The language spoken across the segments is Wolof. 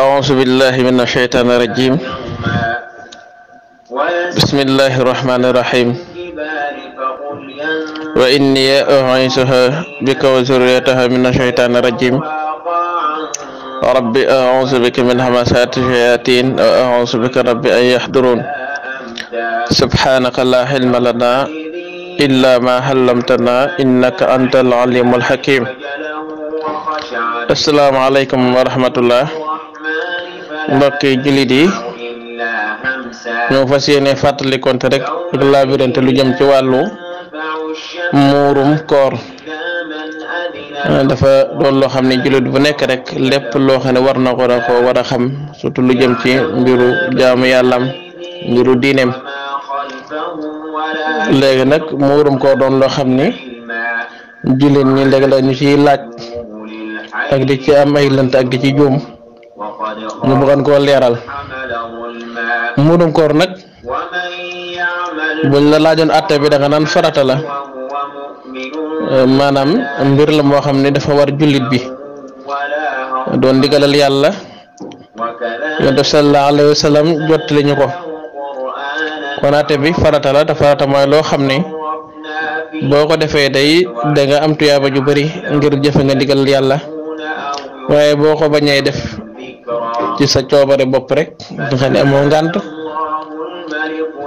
أعوذ بالله من الشيطان الرجيم بسم الله الرحمن الرحيم وإني أعيسها بك وذريتها من الشيطان الرجيم ربي أعوذ بك من همسات الشياطين وأعوذ بك ربي أن يحضرون سبحانك لا حلم لنا إلا ما علمتنا إنك أنت العليم الحكيم asalaamaaleykum wa rahmatullah mbokki jullit yi ñoo fas yéene fàttali konte rek ak laabirante lu jëm ci wàllu muurum koor dafa doon loo xam ne jullit bu nekk rek lépp loo xam ne war na ko da war a xam surtout lu jëm ci mbiru jaamu yàllam mbiru diineem léegi nag muurum koor doon loo xam ni jullit ñi léeg-léeg ñu laaj ak di ci am ay lënt ak di ci joom ñu ko leral mu dum koor nak buñ la laajoon atté bi da nga nan farata la eh, manam mbir la mo xamni dafa war julit bi doon digalal yalla sallallahu Alaihi Wasallam jot liñu ko kon atte bi farata la dafa farata moy lo xam boko boo day da nga am tuyaba ju bari ngir nga waaye boo ko bañee def ci sa coobare bopp rek nga xam ne amoo ngànt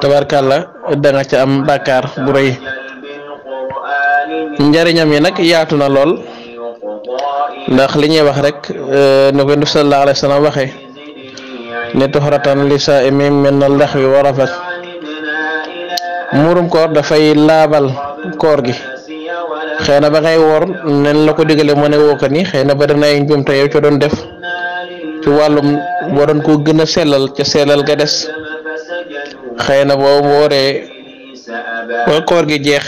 tabarkàlla da nga ca am bàkkaar bu rëy njariñam yi nag yaatu na lool ndax li ñuy wax rek euh, ni ko Nabi sallallahu alayhi wa sallam waxee ne tuxratan li saa'imi minal laxwi wa rafas muurum koor dafay laabal koor gi xëy na ba ngay woor nen la ko digale ma ne woo ko ni xëy na ba dana ay njuumte yow ca doon def ci wàllum waroon ko gën a sellal ca sellal ka des xëy na boo wooree ba koor gi jeex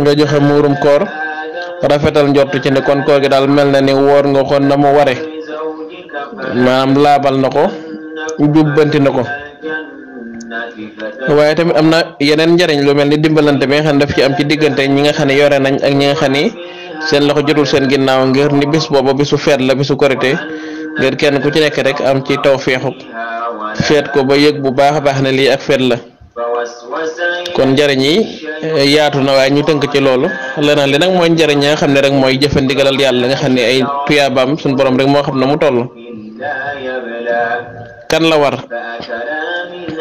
nga joxe muurum koor rafetal njort ci ne kon koor gi daal mel na ni woor nga kon na mu waree maanaam laabal na ko jubbanti na ko waye tamit amna yenen yeneen lu melni dimbalante bi nga ya, xam daf ci am ci diggante ñi nga xane yoré yore nañ ak ñi nga xane sen seen loxo jotul seen ginnaaw ngir ni bis bobu bisu fet la bisu korité ngir kenn ku ci nek rek am ci tawfiixu fet ko ba yegg bu baax baax na li ak fet la kon njariñ yi eh, yaatu na way ñu teunk ci loolu leneen li nak moy njariñ nga xamne rek moy jëfëndigalal yalla nga xamne ay tuyaabam suñu borom rek mo xamna mu toll kan la war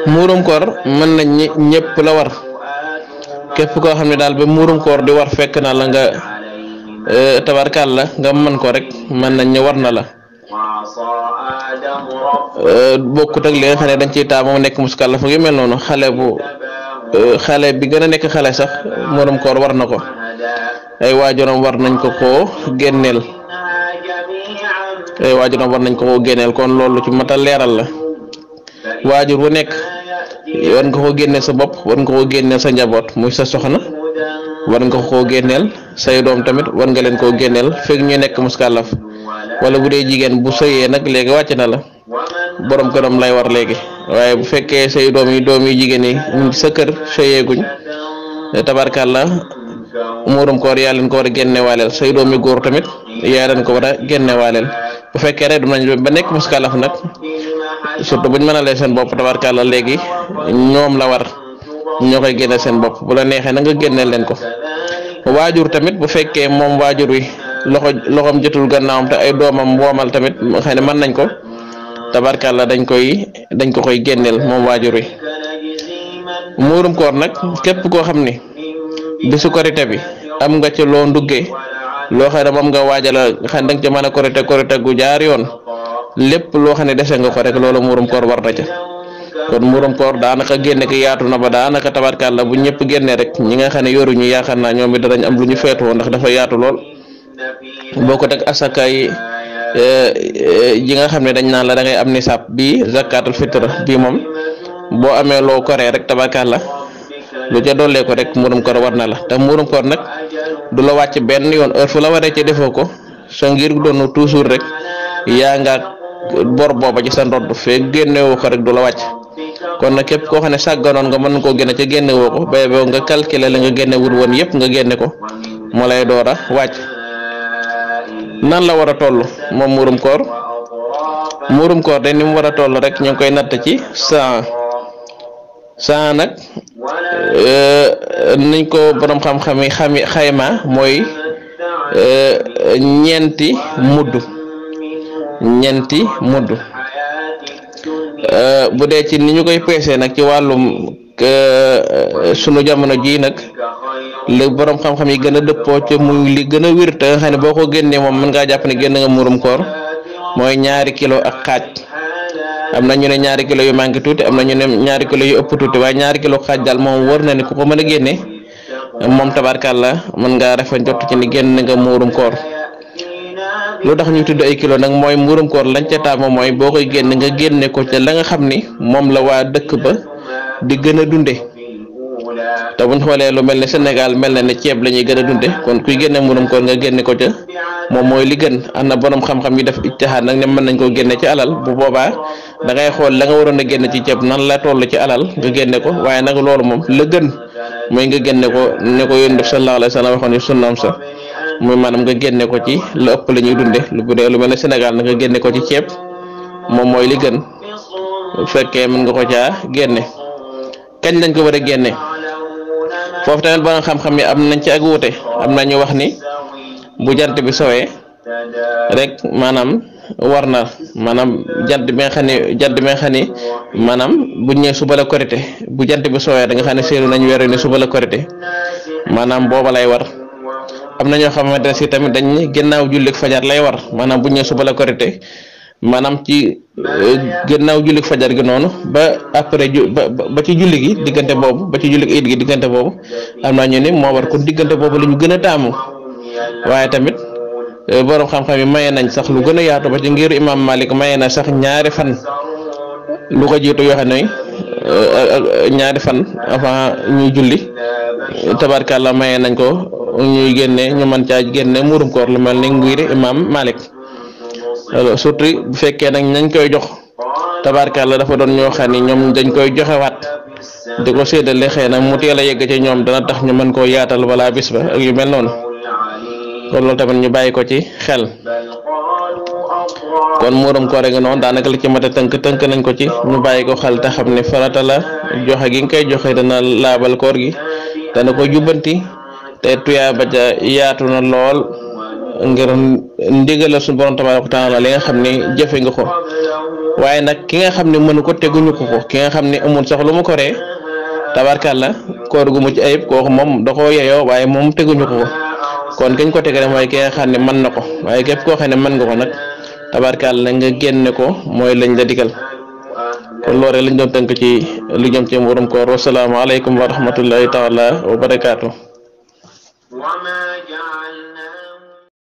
murum koor man na ñepp la war képp ko xamni dal be murum muurum koor di war fekk na la nga euh la nga man ko rek man nañ ñu war na la euh, bokku ak li nga xam dañ ci ta mo nekk muskàlla fu ngi mel nonu xale bu euh, xale bi gëna a nekk xale sax murum koor war na ko ay wajuram war nañ ko ko gennel ay wajuram war nañ ko ko gennel kon loolu ci mata leeral la waajur bu nekk war nga koo génneel sa bopp war nga koo génneel sa njaboot muy sa soxna war nga koo génneel say doom tamit war nga leen koo génneel fekk ñu nekk muskàllaf wala bu dee jigéen bu sëyee nag léegi wàcc na la borom këram lay war léegi waaye bu fekkee say doom yi doom yi jigéen yi sa kër sëyeeguñ tabarkàlla muurum koor yaa leen ko war a génnewaaleel say doom yi góor tamit yaa leen ko war a génnewaaleel bu fekkee rek du nañ ba nekk muskàllaf nag surtout bu ñu mënalee seen bopp tabarkàlla léegi ñoom la war ñoo koy génne seen bopp bu la neexee na nga leen ko waajur tamit bu fekkee moom waajur wi loxo loxoom jotul gannaawam te ay doomam woomal tamit xëy na mën nañ ko tabarkàlla dañ koy dañ ko koy génneel moom waajur wi muurum koor nag képp koo xam ni bisu korite bi am nga ca loo nduggee loo xam ne moom nga waajal xëy na danga ca mën a korite korite gu jaar yoon. lepp lo xamne defé nga ko rek lolo murum koor war na ca kon murum koor naka génne ki yaatu na ba daanaka tabarkàlla bu ñepp génnee rek ñi nga xamne yoru ñu yaakaar naa ñoom it am luñu fétu ndax dafa yaatu lool boko eh, eh, yi nga xamne dañ na la da ngay am nisab bi zakatul fitur bii moom boo amee loo koree rek tabarkàlla lu ca dolé ko rek murum koor war na la ta murum koor nak du la wacc ben yoon heure fu la waré ci defoko ngir doono toujours rek ya nga bor booba ci sa ndodd fee génnewoo ko rek du la wàcc kon nag képp koo xam ne sàgganoon nga mën koo génne ca génnewoo ko bay boo nga calculer la nga génne wul woon yëpp nga génne ko mu lay door a wàcc nan la war a toll moom muurum koor muurum koor de ni mu war a toll rek ñu koy natt ci saa saa nag euh, niñ ko borom xam-xam xami xayma mooy euh, ñeenti mudd ñeenti mudd euh, bu dee ci ni ñu koy peesee nag ci wàllum euh, sunu jamono jii nag li borom xam-xam yi gën a dëppoo ca muy li gën a wér te xam ne boo ko génnee moom mën ngaa jàpp ne génn nga muurum koor mooy ñaari kilo ak xaaj am na ñu ne ñaari kilo yu manqué tuuti am na ñu ne ñaari yu ëpp tuuti waaye ñaari kilo xaaj daal moom wër na ne ku ko mën a génne moom la mën ngaa refa jot ci ni génn nga muurum koor lu tax ñuy tudd ay kilo nag mooy mburum lañ ca taamu mooy boo koy génn nga génne ko ca la nga xam ni moom la waa dëkk ba di gën a dunde te buñ xoolee lu mel ne Sénégal mel na ne ceeb la ñuy gën a kon kuy génne mburum nga génne ko ca moom mooy li gën anda na borom xam-xam yi def ijtihaad nag ne mën nañ koo génnee ci alal bu boobaa da ngay xool la nga waroon a génne ci ceeb nan la toll ci alal nga génne ko waaye nag loolu moom la gën mooy nga génnee ko ne ko yónni sallallahu alayhi wa sallam waxoon sunnaam sa mooy maanaam nga génne ko ci lu ëpp la ñuy dunde lu bu dee lu mel ne Sénégal nag nga génne ko ci ceeb moom mooy li gën bu fekkee mën nga ko caa génne kañ lañ ko war a génne foofu tamit ba nga xam-xam yi am nañ ci ak wuute am na ñu wax ni bu jant bi soowee rek maanaam war na maanaam jant bi nga xam ne jant bi nga ne maanaam bu ñëwee suba la korite bu jant bi soowee da nga xam ne seelu nañ weeru ne suba la korite maanaam booba lay war. am na ñoo xamante ne si tamit dañ ne gannaaw jullik fajar lay war maanaam bu ñu suba la korite maanaam ci eh, gannaaw jullik fajar gi noonu ba après ba ba ci julli gi diggante boobu ba ci jullik iid gi diggante boobu am na ñu ni moo war kon diggante boobu la ñu gën a taamu waaye tamit eh, borom xam-xam yi maye nañ sax lu gën a yaatu ba ci ngir imaam Malik maye na sax ñaari fan lu ko jiitu yoo xam ne eh, ñaari fan avant ñuy julli tabarkàlla maye nañ ko. ñuy génne ñu man caa génne muurum koor lu mel ni ngir imaam Malik surtout bu fekkee nag nañ koy jox tabaarkàlla dafa doon ñoo ni ñoom dañ koy joxewaat di ko séddale xëy nag mu teel a yegg ci ñoom dana tax ñu mën koo yaatal wala bis ba ak yu mel noonu kon loolu tamit ñu bàyyi ko ci xel kon muurum koor gi noonu daanaka la ci mat a tënk tënk nañ ko ci ñu bàyyi ko xel te xam ne farata la joxe gi nga koy joxe dana laabal koor gi dana ko jubbanti te tuyaaba ja yaatu na lool ngir ndigal suñu borom tabaaraka taala xam ne jëfe nga ko waaye nag ki nga xam ne mënu ko teguñu ko ki nga xam ne amul sax lu mu ko ree tabarkàlla koor gu mucc ayib kooku moom da koo yeyoo moom teguñu ko kon kiñ ko tegale mooy ki nga xam ne mën na ko waaye képp koo xam ne mën nga ko nag tabarkàlla nga génne ko mooy lañ la digal kon loolu rek lañ doon tënk ci lu jëm ci mburum koor wasalaamaaleykum wa rahmatullahi taala wa barakaatu. وما